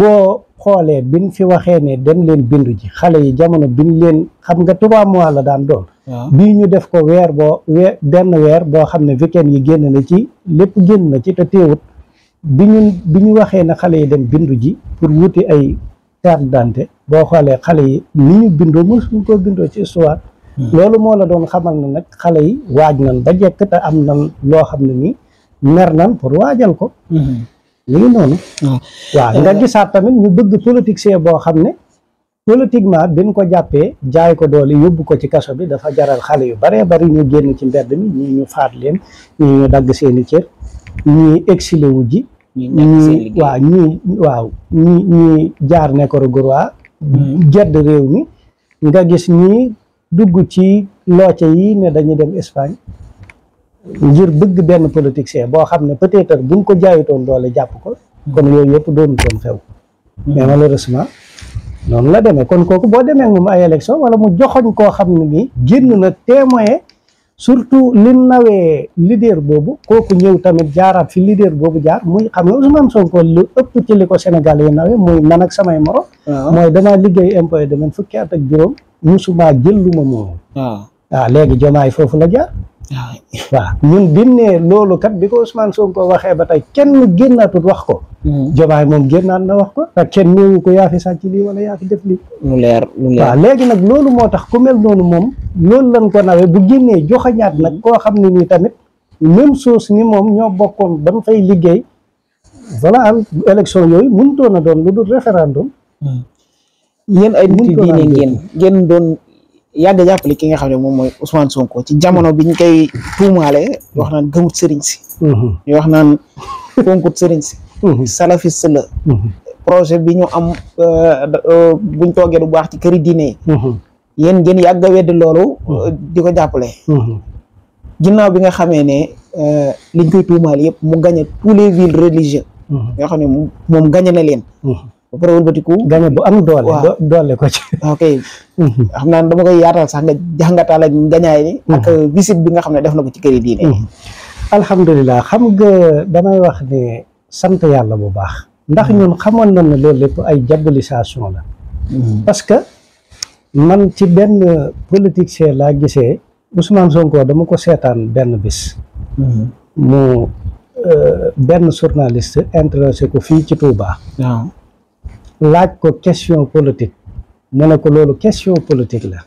boo xoolee bin fi waxee ne dem leen bindu ji xale yi jamono bin leen xam nga trois mois la daan doon bii ñu def ko weer boo benn weer boo xam ne weekend yi génn na ci lépp génn na ci te teewut bi ñu bi ñu waxee ne xale yi dem bindu ji pour wuti ay carte d'identité boo xoolee xale yi ni ñu bindoo mësuñ koo bindoo ci histoire hmm. loolu moo la doon xamal na nag xale yi waaj nan ba jekk te am nan loo xam ne nii mer nan pour waajal ko hmm. mi ngi noonu. Ah. nga euh, gisaat tamit ñu bëgg politicien boo xam ne. politiquement bi ñu ko jàppee jaay ko doole yóbbu ko ci kaso bi dafa jaral xale yu baree bari ñu génn ci mbedd mi ñu faat leen ñii ñu dagg seeni cër ñii exilé wu ji. ñii waaw ñu waaw ñii ñii jaar Nicaragua hmm. gedd réew mi nga gis ñii dugg ci looce yi ne dañuy dem Espagne ngir bëgg benn politicien boo xam ne peut-être buñ ko jaayutoon doole jàpp ko kon yooyu yëpp doonutoon xew mais hmm. malheureusement noonu la demee kon kooku boo demee moom ay élection wala mu joxoñ koo xam ne nii génn na témoin surtout li nawee leader boobu kooku ñëw tamit jaaraat fi leader boobu jaar muy xam ne Ousmane Sonko lu ëpp ci ko Sénégal yi nawee muy man ak samay moro mooy damaa liggéey impôt domaine fukki at ak juróom musuma jël lu ma moom waaw ah, léegi jomaay foofu la ja ah, waaw ñun mu ne loolu kat bi ko Ousmane ko waxee ba tey kenn génnaatut wax ko. Hmm. jomaay moom génnaat na wax ko. ak kenn néewu ko yaa fi sàcc lii wala yaa fi def li lu leer lu leer waaw léegi nag loolu moo tax ku mel moom. loolu lañ ko nawee bu génnee joxañaat nag hmm. koo xam ne nii tamit même chose ni moom ñoo bokkoon ba mu fay liggéey. voilà élection yooyu mënutoon a doon lu dul référendum. Hmm. yéen ay nit yi doon. yàgg jàppale ki nga xam ne moom mooy Ousmane Sonko ci jamono biñ koy tuumaale wax naan gëmut sëriñ si mhm. ñu wax naan fonkut sëriñ si mhm. salafiste la mhm. projet bi ñu am euh, euh, buñ toogee du baax ci këri diine yi yéen ngeen yàgg a wedd loolu euh, di ko jàppale ginnaaw bi nga xamee ne liñ koy tuumaale yëpp mu gañe tous les villes religieuses yoo xam ne moom gañe leen ba pare wëlbatiku. gane bu am doole. doole ko ci. ok mhm. xam naa dama koy yaatal sax nga jàngataal ak gañaay ni mhm. ak visite bi nga xam ne def na ko ci këri diine. Mhm. alhamdulilah xam nga damay wax ne yàlla bu baax. ndax ñun xamoon na ne loolu ay diabolisation la. parce que man ci benn politicien laa gisee Ousmane Sonko dama ko seetaan benn bis. mu euh, benn journaliste intéressé ko fii ci Touba. waaw laaj ko question politique mu ne ko loolu question politique la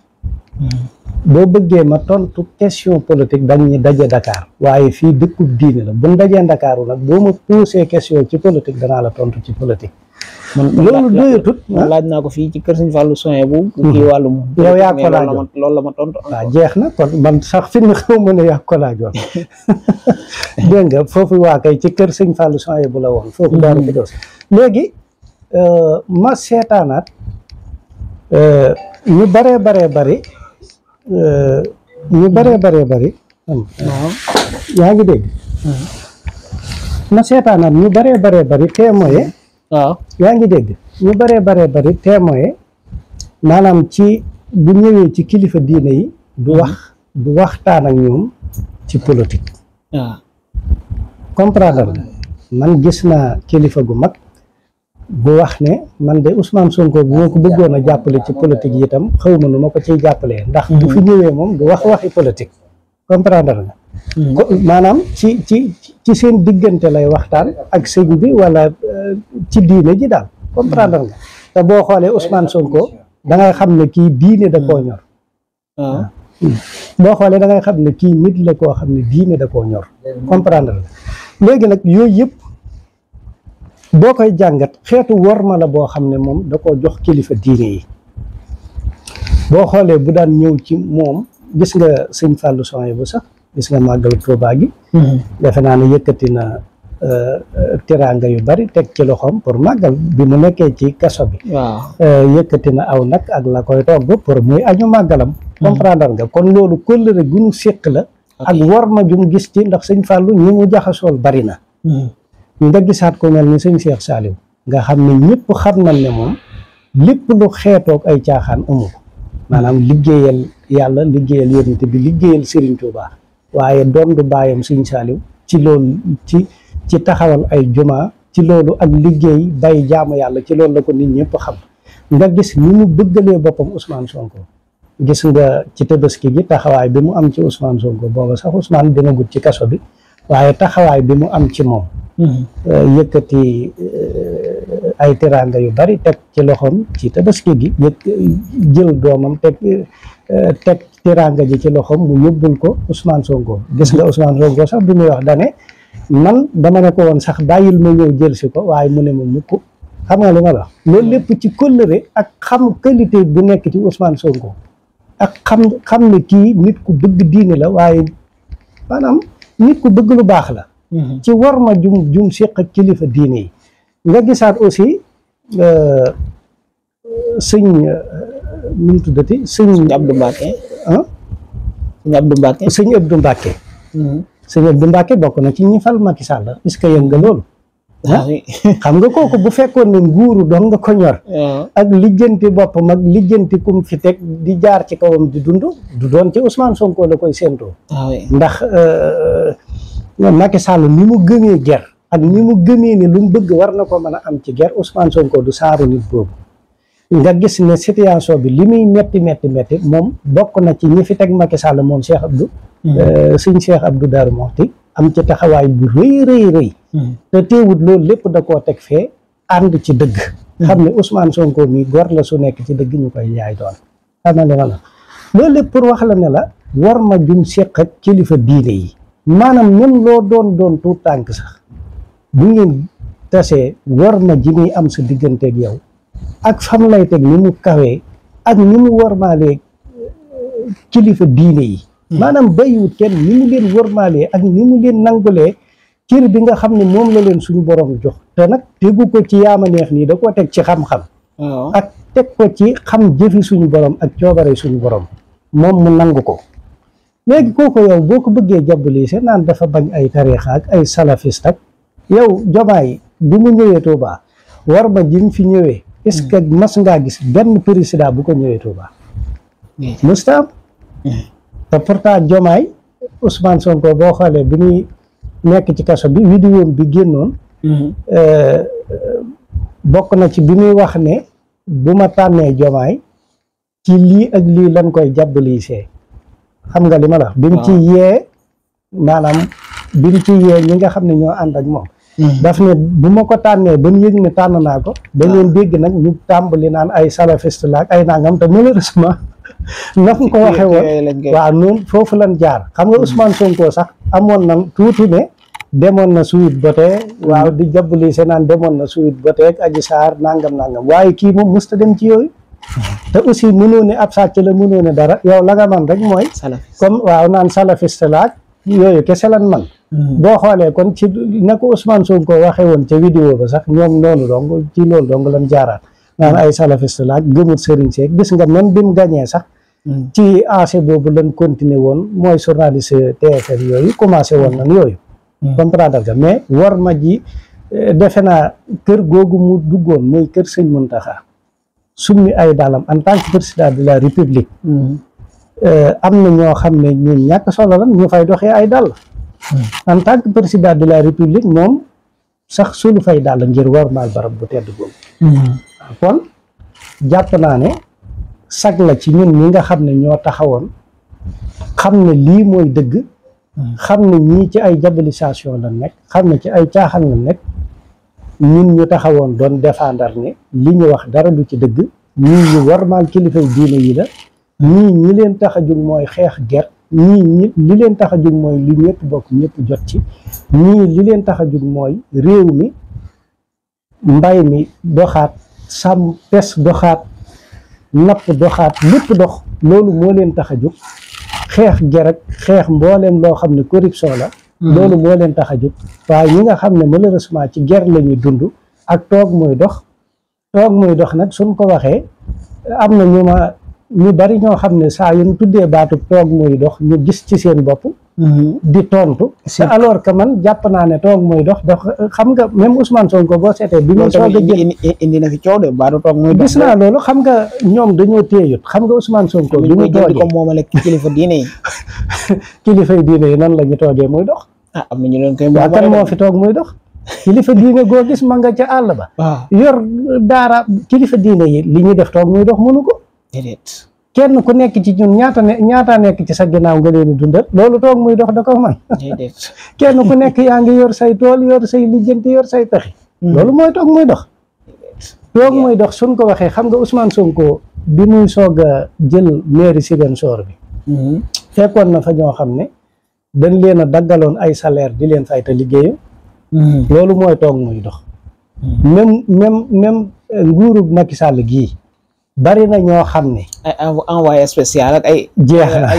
boo bëggee ma tontu question politique dañuy daje Dakar waaye fii dëkkub diine la buñ dajee Ndakaaru nag boo ma posé question ci politique danaa la tontu ci politique man loolu doyatut ah? laaj naa ko fii ci kër Sëñ Fallou bu kii hmm. wàllum yow yaa ko la ma jeex na kon sax fi mu foofu waa ci kër Sëñ Fallou soin bu la woon foofu hmm. daaru ko dos léegi ma seetaanaat eh, ñu baree baree bari eh, ñu baree baree bari yaa ngi dégg ma seetaanaat ñu baree baree bari témoye yaa ngi dégg ñu baree baree bari témoye maanaam ci bu ñëwee ci kilifa diine yi du wax du waxtaan ak ñoom ci politique waaw man gis naa kilifa gu mag bu wax ne man de Ousmane Sonko bu ma ko bëggoon a jàppale ci politique yi itam xaw ma nu ma ko ciy jàppalee ndax bu fi ñëwee moom du wax waxi politique comprendre nga maanaam ci ci ci seen diggante lay waxtaan ak sëñ bi wala euh, ci diine ji daal comprendre nga te boo xoolee Ousmane Sonko dangay xam ne kii diine da koo ñor ah. Ah. boo xoolee da ngay xam ne kii nit la koo xam ne diine da koo ñor comprendre nga léegi nag yooyu yëpp boo koy jàngat xeetu worma la boo xam ne moom da koo jox kilifa diine yi boo xoolee bu daan ñëw ci moom gis nga sëñ Fallou Soye bu sax gis nga màggal Tuuba gi mm-hmm. defe naa ne yëkkati na euh, teraanga yu bari teg ci loxoom pour màggal bi mu nekkee ci kaso bi euh, yëkkati na aw nag ak la koy togg pour muy añu màggalam mm-hmm. comprendre nga kon loolu kóllëre gu séq la ak worma ju mu gis ci ndax sëñ Fallou ñi mu jaxasool bari na mm-hmm. nga gisaat ko mel ni sëñ Cheikh Saliou nga xam ne ñëpp xam nañ ne moom lépp lu xeetoog ay caaxaan amu ko maanaam liggéeyal yàlla liggéeyal yonent bi liggéeyal Serigne baax waaye doon du baayam sëñ Saliou ci lool ci ci taxawal ay jumaa ci loolu ak liggéey bay jaamu yàlla ci lool la ko nit ñëpp xam nga gis ni mu bëggalee boppam Ousmane Sonko gis nga ci Tabaski gi taxawaay bi mu am ci Ousmane Sonko booba sax Ousmane dina gudd ci kaso bi waaye taxawaay bi mu am ci Euh, yëkkati euh, ay teraanga yu bari teg ci loxoom ci tabaski gi yëkk jël doomam teg euh, teg teraanga ji ci loxoom mu yóbbul ko Ousmane Sonko gis nga Ousmane Sonko sax bi muy wax dane man dama ne ko woon sax bàyyil ma ñëw jël si ko waaye mu ne ma mukk xam nga li ma la wax lépp ci kóllëre ak xam qualité bu nekk ci usmaan Sonko ak xam xam kii nit ku bëgg diine la waaye maanaam nit ku bëgg lu baax la Mhm. ci war ma jum jum siq kilifa diine yi nga gisaat aussi euh, sëñ euh, nu mu tuddati sëñ Abdou Mbacke ah sëñ Abdou Mbacke sëñ Abdou Mbacke mhm. na ci ñi fal Macky Sall puisque yëg nga loolu ah xam nga kooku bu fekkoon ne nguuru doon nga koñor ah. ak lijjanti boppam ak lijjanti kum fi teg di jaar ci kawam di dund du doon ci Ousmane Sonko la koy séentoo ah ndax euh, ñoom Macky Sall ni mu gëmee ger ak ni mu gëmee ni lu mu bëgg war na ko mën a am ci ger Ousmane Sonko du saaru nit boobu nga gis ne situation bi li muy metti metti metti moom bokk na ci ñi fi teg Macky Sall moom Cheikh Abdou mm. euh, sëñ du Abdou Darou Mouhty am ci taxawaay bu rëy rëy mm. te teewut loolu lépp da koo teg fee ànd ci dëgg mm. xam ne Ousmane Sonko mi gor la su nekk ci dëgg ñu koy yaay doon loolu lépp pour wax la ne la war ma jum séq ak kilifa diine yi maanaam même loo doon doon tuut tànk sax bu ngeen tasee war ma ji muy am si digganteeg yow ak fam lay teg ni mu kawee ak ni mu warmaalee eh, kilifa diine yi hmm. maanaam bayiwut kenn ni mu leen maale ak ni mu leen nangulee cër bi nga xam ne moom la leen suñu borom jox te nag tegu ko ci yaama neex nii da koo teg ci xam-xam ak teg ko ci xam jëfi suñu borom ak coobare suñu borom moom mu nangu ko léegi kooku yow boo ko bëggee jàppalise naan dafa bañ ay tariixa ak ay salafiste ak yow jomaay bi mu ñëwee Touba war ma jim fi ñëwee est-ce que hmm. mas ngaa gis benn président bu ko ñëwee Touba mustaam hmm. hmm. te pourtant jomaay Ousmane Sonko boo xoolee bi muy nekk ci kaso bi vidéo bi génnoon euh, bokk na ci bi muy wax ne bu ma tànnee jomaay ci lii ak lii lan koy jàppalisee xam nga li ma ci yee maanaam bi ci yee ñi nga xam ne ñoo ànd ak moom hmm. daf ne bu ma ko tànnee ba ñu yëg ne tànn naa ko da ngeen dégg nag ñu tàmbali naan ay salafiste la ay nangam te malheureusement na ko waxee woon waaw noonu foofu lan jaar xam nga hmm. Ousmane Sonko sax amoon na tuuti ne demoon na suwit botee waaw di jàbbali se naan demoon na suwit botee ak Adji Sarr nangam nangam waaye kii moom dem ci yooyu te aussi mënoo ne ab sàcc la mënoo ne dara yow la nga rek mooy comme waaw naan salafiste laaj yooyu kese lan man hmm. boo xoolee kon ci na ko Ousmane ko waxee woon ca vidéo ba sax ñoom noonu dong ci loolu dong lan jaaraat naan ay salafiste laaj gëmul sëriñ Seck gis nga même bi gañee sax hmm. ci AC boobu lan continuer woon mooy journaliste TFM yooyu commencé woon nan yooyu hmm. comprendre nga mais war ma ji eh, defe naa kër googu mu duggoon mooy kër sëñ Muntaxa summi ay daalam en tant que président de la république hmm. euh, am na ñoo xam ne ñun ñàkk solo la ñu fay doxee ay dàll hmm. en tant que président de la république moom sax suñu fay dàll ngir war maal barab bu tedd boobu hmm. kon jàpp naa ne sag la ci ñun ñi nga xam ne ñoo taxawoon xam ne lii mooy dëgg xam ne ñii ci ay diabolisation la nekk xam ne ci ay caaxal la nekk ñun ñu taxawoon doon défendre ne li ñu wax dara lu ci dëgg ñii ñu warmaal kilifay diine yi la ñii ñi leen tax a jug mooy xeex ger ñii ñi li leen tax a jug mooy li ñëpp bokk ñëpp jot ci ñii li leen tax a jug mooy réew mi mbay mi doxaat sàmm pes doxaat napp doxaat lépp dox loolu moo leen tax a jug xeex ger ak xeex mbooleem loo xam ne corruption la Mm-hmm. loolu moo leen tax a jóg waaye ñi nga xam ne malheureusement ci guerre la ñuy dund ak toog mooy dox toog muy dox nag suñ ko waxee am na ñu ma ñu bari ñoo xam ne saa yu tuddee baatu toog muy dox ñu gis ci seen bopp di tontu. te alors que man jàpp naa ne toog muy dox dox xam nga même Ousmane Sonko boo seetee. bi muy soog a jël indi fi coow de baalu toog mooy gis naa loolu xam nga ñoom dañoo téyut xam nga Ousmane Sonko. bi muy toogee ko moomale kilifa diine yi. kilifa diine yi nan la ñu toogee muy dox. ah am na ñu doon koy moomale kan moo fi toog muy dox. kilifa diine goo gis ma nga ca àll ba. yor daara kilifa diine yi li ñuy def toog muy dox mënu ko. déedéet. kenn ku nekk ci ñun ñaata ne nekk ci sa ginnaaw nga leen di dundal loolu toog muy dox da ko man kenn ku nekk yaa ngi yor say tool yor say lijjanti yor say pexe hmm. loolu mooy toog muy dox toog muy dox suñ ko waxee xam nga Ousmane Sonko bi muy soog a jël mairie Ziguinchor bi hmm. fekkoon na fa ñoo xam ne dañ leen a daggaloon ay salaire di leen fay te hmm. loolu mooy toog muy dox même même même eh, nguurug Macky gii bari na ñoo xam ne. ay envoyé spécial ak ay. jeex na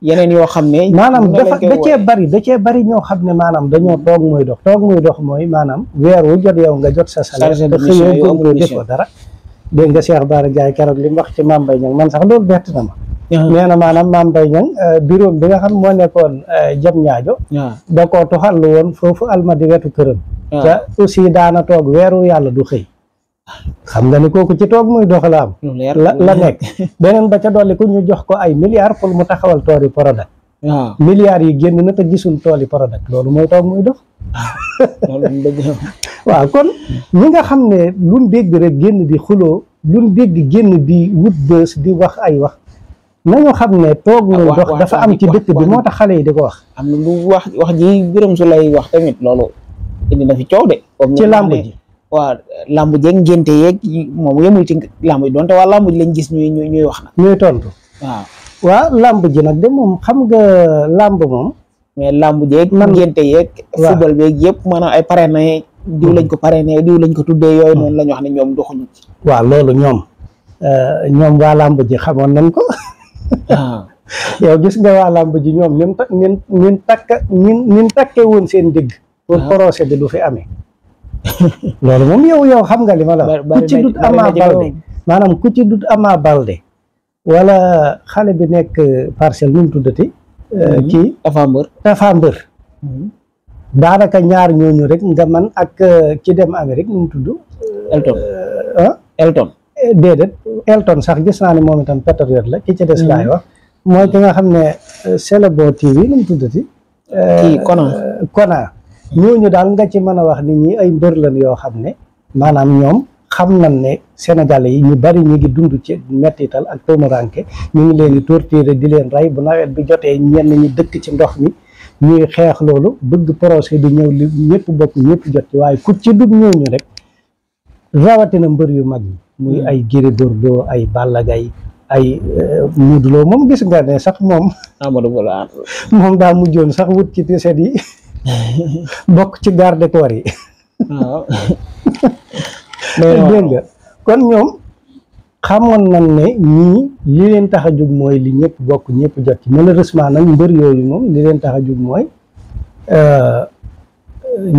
yeneen yoo xam ne. maanaam dafa da cee bari da cee bari ñoo xam ne maanaam dañoo mm-hmm. toog muy dox. toog muy dox mooy maanaam weer jot yow nga jot sa salaire. te xëyoo góob defoo dara. dégg nga Cheikh Bara Ndiaye keroog li mu wax ci Mame Mbaye man sax loolu bett na ma. nee na maanaam Mame Mbaye Niang euh, bureau bi nga xam moo nekkoon euh, jam ñaajo da koo tuxal woon foofu almadi wetu këram. te aussi daana toog weeru yàlla du xëy. xam nga ni kooku ci toog muy doxalaam la la nekk beneen ba ca dolli ku ñu jox ko ay milliards pour mu taxawal tool yi Prodac waaw milliards yi génn na te gisul tool yi Prodac loolu mooy toog muy dox waaw kon ñi nga xam ne luñ dégg rek génn bi xuloo luñ dégg génn bi wut bës di wax ay wax nañu xam ne toog muy dox dafa am ci dëkk bi moo tax xale yi di ko wax am lu wax wax ji Birame Souleye wax tamit loolu indi na fi coow de ci làmb ji waaw lamb jeeg ngénte yeeg moom yemul ci làmb ji donte waa làmb ji lañ gis ñuy ñuy wax nag. ñuy tontu waaw. waaw làmb ji nag de moom xam nga làmb moom. mais làmb jeeg. man ngénte yeeg. waaw football beeg yëpp maanaam ay pare na diw lañ ko parrainé diw lañ ko tuddee yooyu noonu la ñu wax ne ñoom doxuñu ci. waaw loolu ñoom euh, ñoom waa làmb ji xamoon nañ ko. Ah. yow gis nga waa làmb ji ñoom ñun ta ñun ñun ñun takkee woon seen digg. Ah. pour procès bi du fi amee. loolu moom yow yow xam nga li ma la ku ci dut Ama Balde maanaam ku ci dut Ama Balde wala xale bi nekk parcelle nu tuddati euh, mhm. kii Tapha Mbeur Tapha Mbeur mhm. daanaka ñaar ñooñu rek nga man ak ci euh, dem Amérique nu mu tudd euh, Elton ah Elton eh, déedéet sax gis naa ne moom itam patriote la ki ci des laay mhm. wax mooy ki nga xam ne Célèbre TV nu mu tuddati Kona ñooñu daal nga ci mën a wax ni ñi ay mbër lañ yoo xam ne maanaam ñoom xam nañ ne sénégalais yi ñu bari ñu ngi dund ci mettital ak tumuranke ñu ngi leen di torturer di leen rey bu nawet bi jotee ñenn ñi dëkk ci ndox mi ñuy xeex loolu bëgg projet bi ñëw li ñëpp bokk ñëpp jot ci waaye ku ci dugg ñooñu rek rawatina mbër yu mag yi muy hmm. ay Gris Bordeaux ay Balla Gaye ay euh, Modou loo moom gis nga ne sax moom Amadou moom daa mujjoon sax wut ci tiset yi bokk ci garde corps yi. waaw. dégg nga kon ñoom xamoon nañ ne ñii li leen tax a jóg mooy li ñëpp bokk ñëpp jot ci malheureusement nag mbër yooyu moom li leen tax a jóg mooy euh,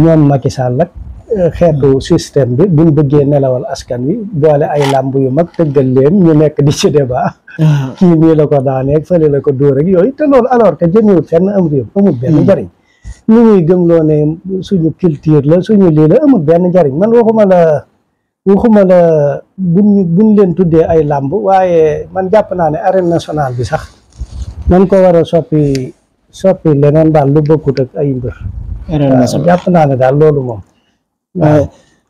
ñoom Macky Sall ak euh, xeetu hmm. système bi buñ bëggee nelawal askan wi boole ay làmb yu mag tëggal leen ñu nekk di ci débat hmm. kii nii la ko daaneeg fële la ko dóor yooyu te loolu alors que jëmewut fenn am réew amul benn hmm. njariñ ñu ñuy gëmloo ne suñu culture la suñu lii la amul benn njariñ man waxuma la waxuma la buñ buñ leen tuddee ay làmb waaye man jàpp naa ne arène nationale bi sax nan ko war a soppi soppi leneen daal lu bokkut ak ay mbër jàpp naa ne daal loolu moom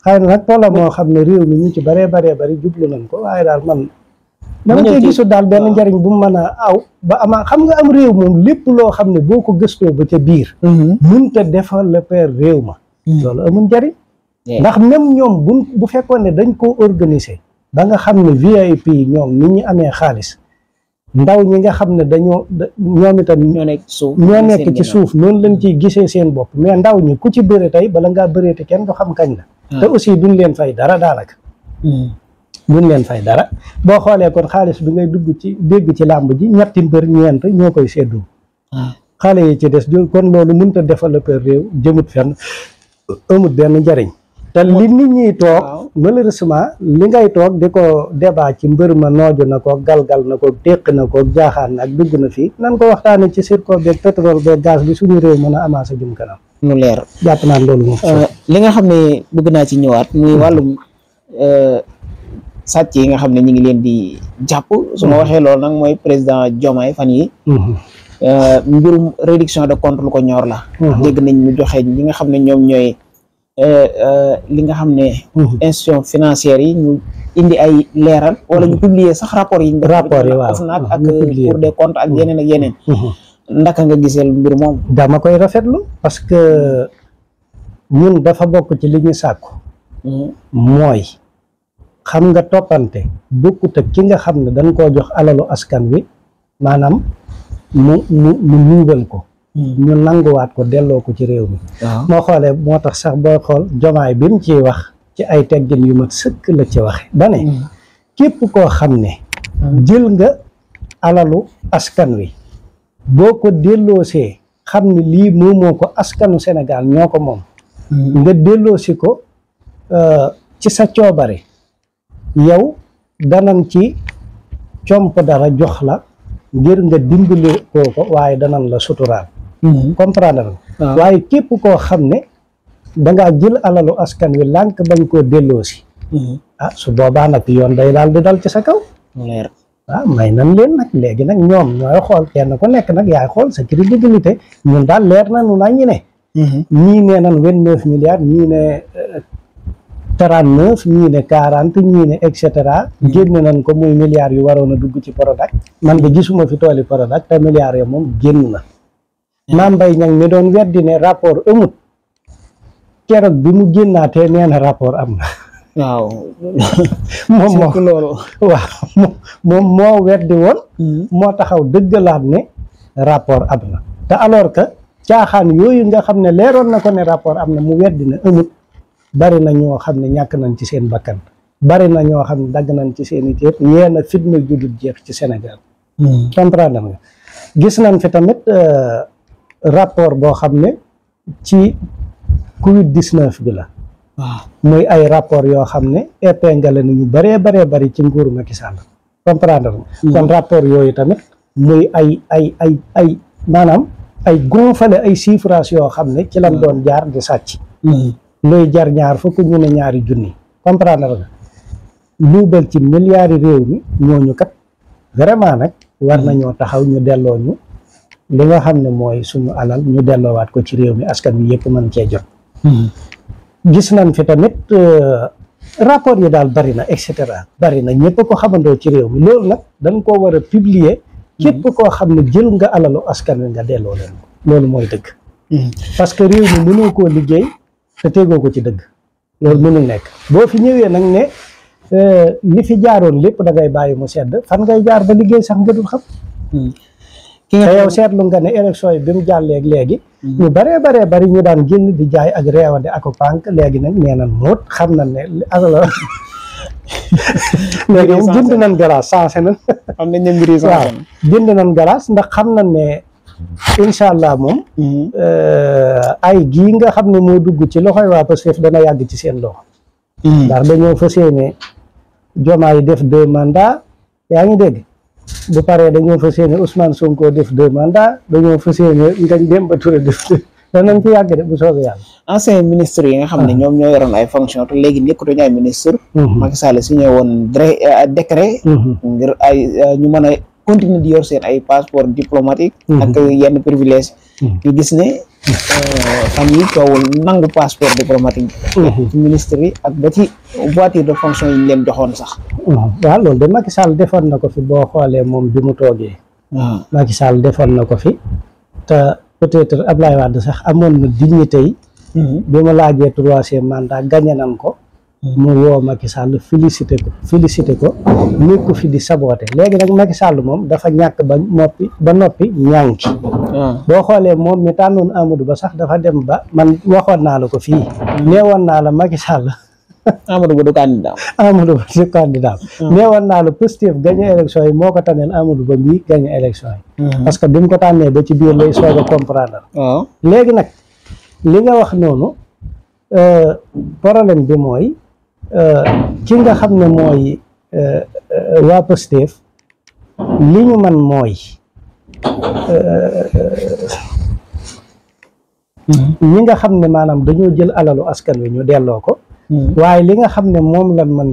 xëy na nag toolam xam ne réew mi ñu ci baree baree bari jublu nañ ko waaye daal man dama cee gisul daal benn njariñ bu man a aw ba ama xam nga am réew moom lépp loo xam ne boo ko gëstoo ba ca biir mënta mhm. développer réew ma mhm. loolu amul njariñ ndax même ñoom bu fekkoon ne dañ koo organiser ba nga xam ne VIP yi ñoom nit ñi amee xaalis ndaw ñi nga xam ne dañoo ñoom itam ñoo nekk ci suuf noonu lañ mhm. ciy gisee seen bopp mais ndaw ñi ku ci bëre tey bala ngaa bëreete kenn du xam kañ la ah. te aussi duñ leen fay dara daanaka buñ leen fay dara boo xoolee kon xaalis bi ngay dugg ci bégg ci làmb ji ñetti mbër ñeent ñoo koy séddoo ah. xale yi ci des kon loolu mënut a développer réew jëmut fenn amut benn njariñ te li nit ñiy toog malheureusement li ngay toog di ko débat ci mbër ma nooju na ko galgal na ko téq na ko jaaxaan na ak dugg na fii nan ko waxtaane ci circo beeg pétrole beeg gaz bi suñu réew mën a avancer jëm kanam mu leer jàpp naan loolu moom euh, li nga xam ne bëgg naa ci ñëwaat muy hmm. wàllum euh, sàcc yi nga xam ne ñu ngi leen di jàpp. su ma mm-hmm. waxee loolu nag mooy président Diomaye fan yi mm-hmm. euh, mbirum réduction de contre lu ko ñor la. Mm-hmm. dégg nañ ñu joxee ñi nga xam ne ñoom ñooy euh, euh, li nga xam ne. institution financière yi indi ay leeral. wala publier sax rapport yi. rapport yi waaw nag ak Cour des ak yeneen ak yeneen. ndaka nga giseel mbir moom. dama koy rafetlu parce que ñun dafa bokk ci li ñu mooy. xam nga toppante bokkut ki nga xam ne dañ koo jox alalu askan wi maanaam mu mu mu nuubal ko hmm. ñu nanguwaat ko delloo ko ci réew mi moo xoolee moo tax sax booy xool jomaay bi mu wax ci ay teggin yu ma sëkk la ci wax ba ne hmm. képp koo xam ne hmm. jël nga alalu askan wi boo ko delloosee xam ne lii moomoo ko askanu Sénégal ñoo ko moom nga delloosi ko euh, ci sa coobare yow danan ci comp dara jox la ngir nga dimbali koo waaye danan la suturaal mhm. comprendre nga ah. waaye képp koo xam ne dangaa jël alalu askan wi lànk bañ koo delloo si mhm. ah, su boobaa nag yoon day daal di dal ci sa kaw leer waaw ah, may nan leen nag léegi nag ñoom ñooy xool kenn ku nekk nag yaay xool sa crédibilité ñun daal leer na nu naa ñi ne mhm. ñii ne nan vingt neuf milliards ñii ne euh, trente neuf ñii ne quarante ñii ne et cetera. Hmm. génne nañ ko muy milliards yu waroon a dugg ci Prodac man nga gisuma fi tooli Prodac te milliards ya moom génn na. Hmm. Mame Mbaye Niang mi doon weddi ne rapport amut keroog bi mu génnaatee nee na rapport am na. waaw moom moo loolu moo weddi woon hmm. moo taxaw dëggalaat ne rapport am na te alors que caaxaan yooyu nga xam ne leeroon na ko ne rapport am na mu weddi na amut bari na ñoo xam ne ñàkk nañ ci seen bakkan bari na ñoo xam ne dagg nañ ci seen it yëpp ñeena fitna judul jeex ci Sénégal hmm. comprendre nga gis nañ fi tamit euh, rapport boo xam ne ci covid 19 bi la ah. muy ay rapport yoo xam ne épingle nañu bëree baree bari ci nguuru Macky Sall comprendre nga hmm. kon rapport yooyu tamit muy ay ay ay ay maanaam ay gonfale ay chiffrage yoo xam ne ci lan hmm. doon jaar di sàcc looy jar ñaar fokk ñu ne ñaari junni comprendre nga luubal ci milliards réew mi ñooñu kat vraiment nag war hmm. nañoo taxaw ñu delloo ñu li nga xam ne mooy suñu alal ñu delloowaat ko ci réew mi askan wi yëpp mën cee jot. Hmm. gis nañ fi tamit euh, rapport yi daal bari na et cetera bari na ñëpp ko xamandoo ci réew mi loolu nag dañ ko war a publier. képp hmm. koo xam ne jël nga alalu askan wi nga delloo leen ko loolu mooy dëgg. parce que réew mi mënoo koo liggéey. te tegoo ko ci dëgg loolu mënul nekk boo fi ñëwee nag ne euh, li fi jaaroon lépp da ngay bàyyi mu sedd fan ngay jaar ba liggéey sax nga dul xam. Hmm. ki nga yow nga ne élection yi bi mu jàllee léegi. Hmm. ñu baree baree bari ñu daan génn di jaay ak réewande ak pànk léegi nag nee na muut xam na ne alal léegi jënd nañ galaas sensé nañ. am nañ ne mbir yi waaw ndax xam nañ ne. incha allah moom. Mhm. Euh, ay gii nga xam ne moo dugg ci loxoy waa Pastef dana yàgg ci seen loxo. Mhm. ndax dañoo fas yéene Diomaye def deux mandats yaa ngi dégg. bu paree dañoo fas yéene Ousmane Sonko def deux mandats dañoo fas yéene Ngagne Demba Touré def de ci yàgg de bu soobee yàlla. ancien ministre yi nga xam ne ah. ñoom ñoo yoroon ay fonction te léegi nekkatuñu ay ministre mhm. Macky Sall signé woon euh, décret. ngir ay euh, ñu mën continuer di yor ay passeport diplomatique mhm. ak yenn privilège ñu mhm. gis ne euh, fan yi coowul nangu passeport diplomatique mhm. ci ministre yi ak ba ci voiture de fonction yi leen joxoon sax waaw loolu de Macky Sall defoon na ko fi boo xoolee moom bi mu toogee ah. Macky Sall defoon na ko fi te peut-être Ablaye Wade sax amoon na dignité yi bi mu laajee troisième mandat gagné nan ko mu woo Macky Sall félicité ko félicité ko nekk ko fi di saboote léegi nag Macky Sall moom dafa ñàkk ba noppi ba noppi ñànki ah. boo xoolee moom mi tànnoon Amadou Ba sax dafa dem ba man waxoon naa la ko fii nee woon naa la Macky Sall Amadou Ba du candidat Amadou Ba du candidat ah. nee woon naa la Pastef gagné élection yi moo ko tànneel Amadou Ba mii gagné élection yi ah. parce que bi mu ko tànnee ba ci biir lay soog a comprendre léegi nag li nga wax noonu euh, problème bi mooy ci euh, nga xam ne mooy euh, waa Pastef li ñu man mooy euh, ñi nga xam ne maanaam dañoo jël alalu askan wi ñu delloo ko hmm. waaye li nga xam ne moom lan man